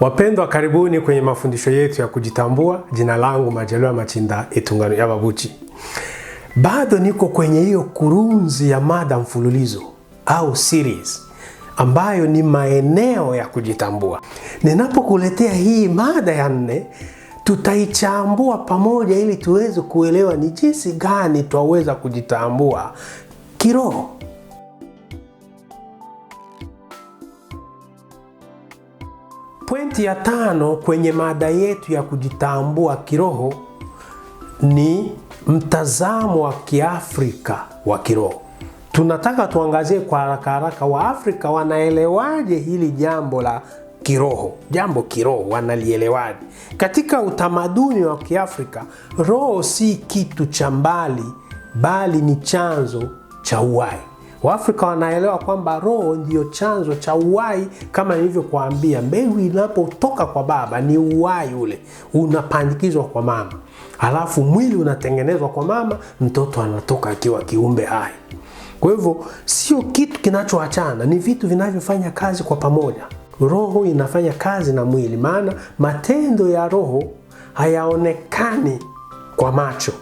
Wapendwa, karibuni kwenye mafundisho yetu ya kujitambua. Jina langu Majaliwa Machinda Itungano ya Babuchi. Bado niko kwenye hiyo kurunzi ya mada mfululizo au series ambayo ni maeneo ya kujitambua. Ninapokuletea hii mada ya nne, tutaichambua pamoja ili tuweze kuelewa ni jinsi gani twaweza kujitambua kiroho. Pointi ya tano kwenye mada yetu ya kujitambua kiroho ni mtazamo wa Kiafrika wa kiroho. Tunataka tuangazie kwa haraka haraka, Waafrika wanaelewaje hili jambo la kiroho? Jambo kiroho wanalielewaje? Katika utamaduni wa Kiafrika, roho si kitu cha mbali, bali ni chanzo cha uhai. Waafrika wanaelewa kwamba roho ndiyo chanzo cha uhai. Kama nilivyokuambia, mbegu inapotoka kwa baba ni uhai ule unapandikizwa kwa mama, alafu mwili unatengenezwa kwa mama, mtoto anatoka akiwa kiumbe hai. Kwa hivyo sio kitu kinachoachana, ni vitu vinavyofanya kazi kwa pamoja. Roho inafanya kazi na mwili, maana matendo ya roho hayaonekani kwa macho,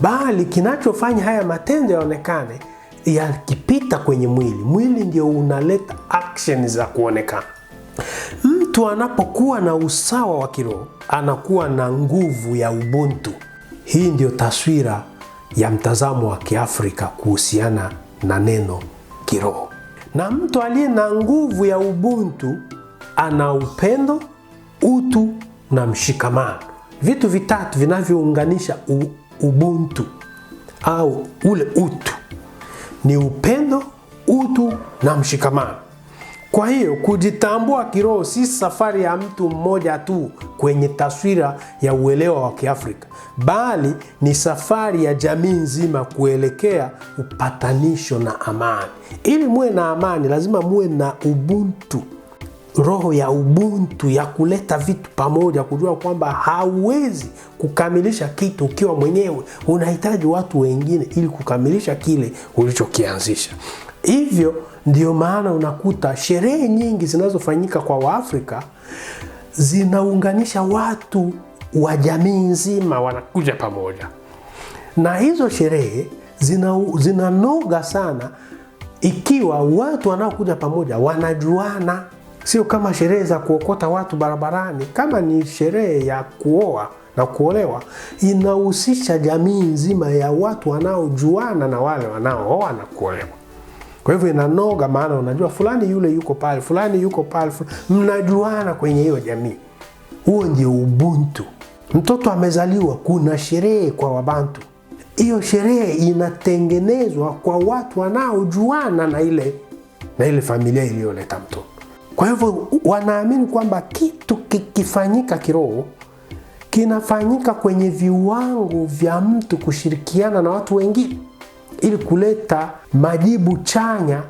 bali kinachofanya haya matendo yaonekane yakipita kwenye mwili, mwili ndio unaleta action za kuonekana. Mtu anapokuwa na usawa wa kiroho anakuwa na nguvu ya ubuntu. Hii ndiyo taswira ya mtazamo wa Kiafrika kuhusiana na neno kiroho. Na mtu aliye na nguvu ya ubuntu ana upendo, utu na mshikamano, vitu vitatu vinavyounganisha ubuntu au ule utu ni upendo, utu na mshikamano. Kwa hiyo kujitambua kiroho si safari ya mtu mmoja tu kwenye taswira ya uelewa wa Kiafrika, bali ni safari ya jamii nzima kuelekea upatanisho na amani. Ili muwe na amani, lazima muwe na ubuntu roho ya ubuntu ya kuleta vitu pamoja, kujua kwamba hauwezi kukamilisha kitu ukiwa mwenyewe, unahitaji watu wengine ili kukamilisha kile ulichokianzisha. Hivyo ndio maana unakuta sherehe nyingi zinazofanyika kwa Waafrika zinaunganisha watu wa jamii nzima, wanakuja pamoja, na hizo sherehe zina, zinanoga sana ikiwa watu wanaokuja pamoja wanajuana sio kama sherehe za kuokota watu barabarani. Kama ni sherehe ya kuoa na kuolewa, inahusisha jamii nzima ya watu wanaojuana na wale wanaooa na kuolewa. Kwa hivyo inanoga, maana unajua fulani yule yuko pale, fulani yuko pale, mnajuana kwenye hiyo jamii. Huo ndio ubuntu. Mtoto amezaliwa, kuna sherehe kwa Wabantu. Hiyo sherehe inatengenezwa kwa watu wanaojuana na ile na ile familia iliyoleta mtoto. Kwa hivyo wanaamini kwamba kitu kikifanyika kiroho kinafanyika kwenye viwango vya mtu kushirikiana na watu wengine ili kuleta majibu chanya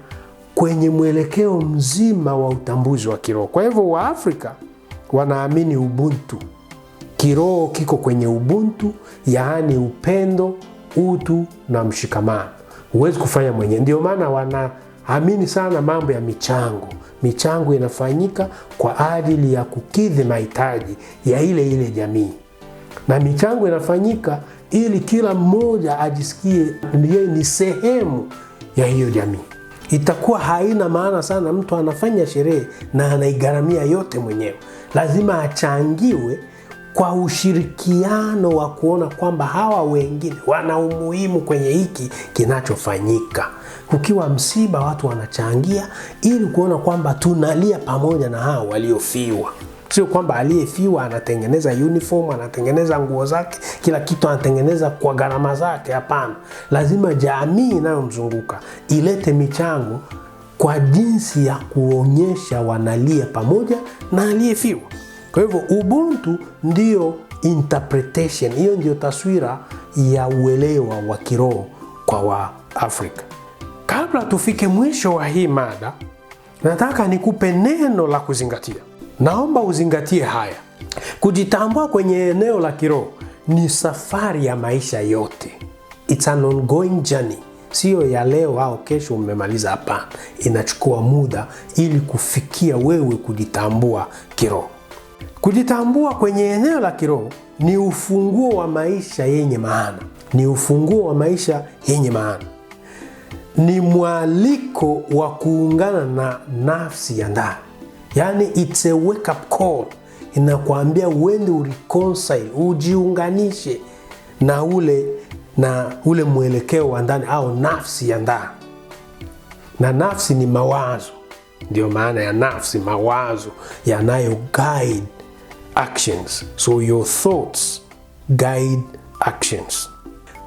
kwenye mwelekeo mzima wa utambuzi wa kiroho. Kwa hivyo Waafrika wanaamini ubuntu, kiroho kiko kwenye ubuntu, yaani upendo, utu na mshikamano. Huwezi kufanya mwenyewe, ndio maana wana amini sana mambo ya michango. Michango inafanyika kwa ajili ya kukidhi mahitaji ya ile ile jamii, na michango inafanyika ili kila mmoja ajisikie yeye ni sehemu ya hiyo jamii. Itakuwa haina maana sana mtu anafanya sherehe na anaigharamia yote mwenyewe, lazima achangiwe kwa ushirikiano wa kuona kwamba hawa wengine wana umuhimu kwenye hiki kinachofanyika. Kukiwa msiba, watu wanachangia ili kuona kwamba tunalia pamoja na hawa waliofiwa. Sio kwamba aliyefiwa anatengeneza uniform, anatengeneza nguo zake, kila kitu anatengeneza kwa gharama zake. Hapana, lazima jamii inayomzunguka ilete michango kwa jinsi ya kuonyesha wanalia pamoja na aliyefiwa. Kwa hivyo ubuntu ndiyo interpretation, hiyo ndiyo taswira ya uelewa wa kiroho kwa Waafrika. Kabla tufike mwisho wa hii mada, nataka nikupe neno la kuzingatia. Naomba uzingatie haya. Kujitambua kwenye eneo la kiroho ni safari ya maisha yote. It's an ongoing journey, siyo ya leo au kesho umemaliza. Hapana, inachukua muda ili kufikia wewe kujitambua kiroho. Kujitambua kwenye eneo la kiroho ni ufunguo wa maisha yenye maana, ni ufunguo wa maisha yenye maana, ni mwaliko wa kuungana na nafsi ya ndani, yaani it's a wake up call, inakuambia uende ureconcile, ujiunganishe na ule na ule mwelekeo wa ndani au nafsi ya ndani. Na nafsi ni mawazo, ndiyo maana ya nafsi, mawazo yanayo guide actions. So your thoughts guide actions.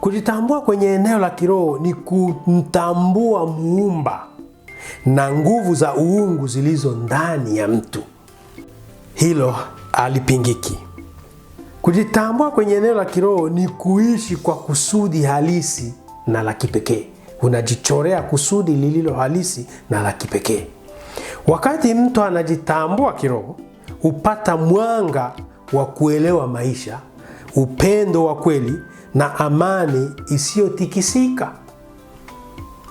Kujitambua kwenye eneo la kiroho ni kumtambua muumba na nguvu za uungu zilizo ndani ya mtu. Hilo alipingiki. Kujitambua kwenye eneo la kiroho ni kuishi kwa kusudi halisi na la kipekee. Unajichorea kusudi lililo halisi na la kipekee. Wakati mtu anajitambua kiroho hupata mwanga wa kuelewa maisha, upendo wa kweli na amani isiyotikisika.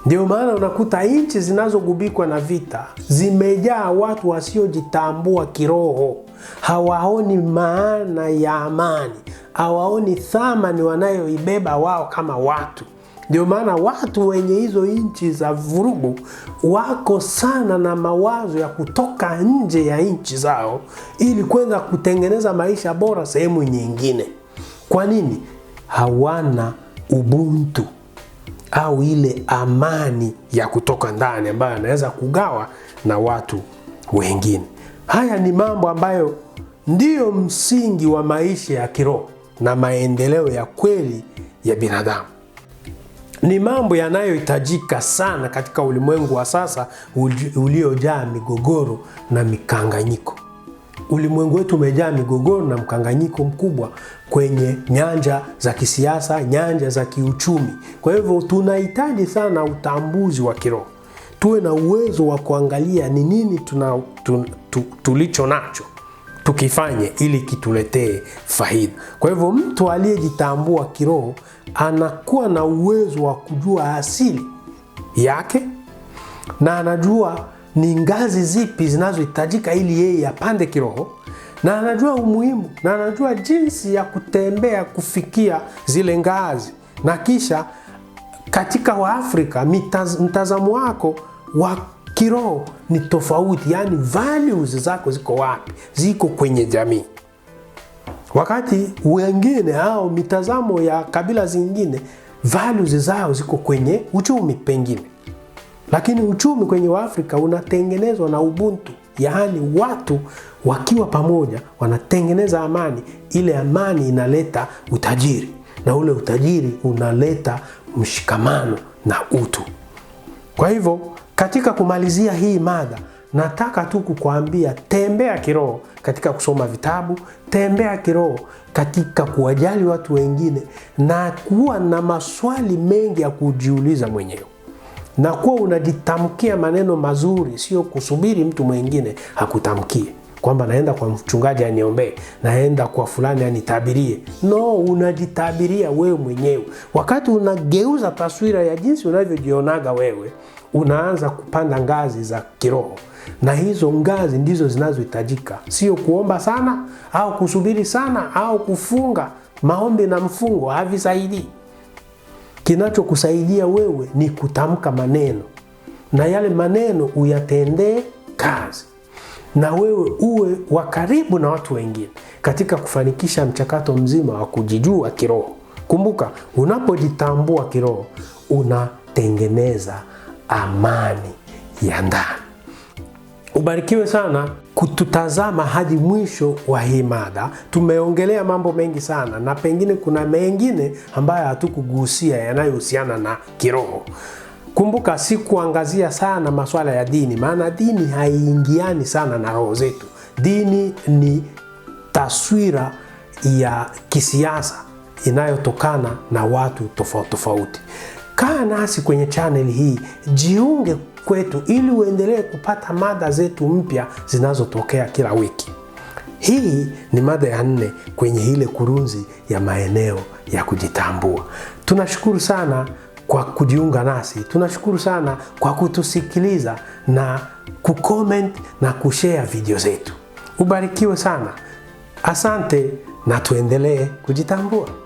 Ndio maana unakuta nchi zinazogubikwa na vita zimejaa watu wasiojitambua kiroho, hawaoni maana ya amani, hawaoni thamani wanayoibeba wao kama watu. Ndio maana watu wenye hizo nchi za vurugu wako sana na mawazo ya kutoka nje ya nchi zao ili kwenda kutengeneza maisha bora sehemu nyingine. Kwa nini? Hawana ubuntu au ile amani ya kutoka ndani ambayo anaweza kugawa na watu wengine. Haya ni mambo ambayo ndiyo msingi wa maisha ya kiroho na maendeleo ya kweli ya binadamu. Ni mambo yanayohitajika sana katika ulimwengu wa sasa uliojaa migogoro na mikanganyiko. Ulimwengu wetu umejaa migogoro na mkanganyiko mkubwa kwenye nyanja za kisiasa, nyanja za kiuchumi. Kwa hivyo tunahitaji sana utambuzi wa kiroho, tuwe na uwezo wa kuangalia ni nini tuna, tu, tu, tulicho nacho tukifanye ili kituletee faida. Kwa hivyo mtu aliyejitambua kiroho anakuwa na uwezo wa kujua asili yake na anajua ni ngazi zipi zinazohitajika ili yeye apande kiroho, na anajua umuhimu na anajua jinsi ya kutembea kufikia zile ngazi, na kisha katika Waafrika mtazamo wako wa kiroho ni tofauti, yaani values zako ziko wapi, ziko kwenye jamii wakati wengine au mitazamo ya kabila zingine values zao ziko kwenye uchumi pengine, lakini uchumi kwenye Waafrika unatengenezwa na ubuntu, yaani watu wakiwa pamoja wanatengeneza amani. Ile amani inaleta utajiri na ule utajiri unaleta mshikamano na utu. Kwa hivyo katika kumalizia hii mada nataka tu kukwambia tembea kiroho katika kusoma vitabu, tembea kiroho katika kuwajali watu wengine, na kuwa na maswali mengi ya kujiuliza mwenyewe, na kuwa unajitamkia maneno mazuri, sio kusubiri mtu mwingine akutamkie kwamba naenda kwa mchungaji aniombee, naenda kwa fulani anitabirie. No, unajitabiria wewe mwenyewe. Wakati unageuza taswira ya jinsi unavyojionaga wewe, unaanza kupanda ngazi za kiroho, na hizo ngazi ndizo zinazohitajika, sio kuomba sana au kusubiri sana au kufunga. Maombi na mfungo havisaidii. Kinachokusaidia wewe ni kutamka maneno, na yale maneno uyatendee kazi na wewe uwe wa karibu na watu wengine katika kufanikisha mchakato mzima wa kujijua kiroho. Kumbuka, unapojitambua kiroho unatengeneza amani ya ndani. Ubarikiwe sana kututazama hadi mwisho wa hii mada. Tumeongelea mambo mengi sana, na pengine kuna mengine ambayo hatukugusia yanayohusiana na kiroho. Kumbuka, si kuangazia sana masuala ya dini, maana dini haiingiani sana na roho zetu. Dini ni taswira ya kisiasa inayotokana na watu tofauti tofauti. Kaa nasi kwenye channel hii, jiunge kwetu ili uendelee kupata mada zetu mpya zinazotokea kila wiki. Hii ni mada ya nne kwenye ile kurunzi ya maeneo ya kujitambua. Tunashukuru sana kwa kujiunga nasi. Tunashukuru sana kwa kutusikiliza na kucomment na kushare video zetu. Ubarikiwe sana, asante na tuendelee kujitambua.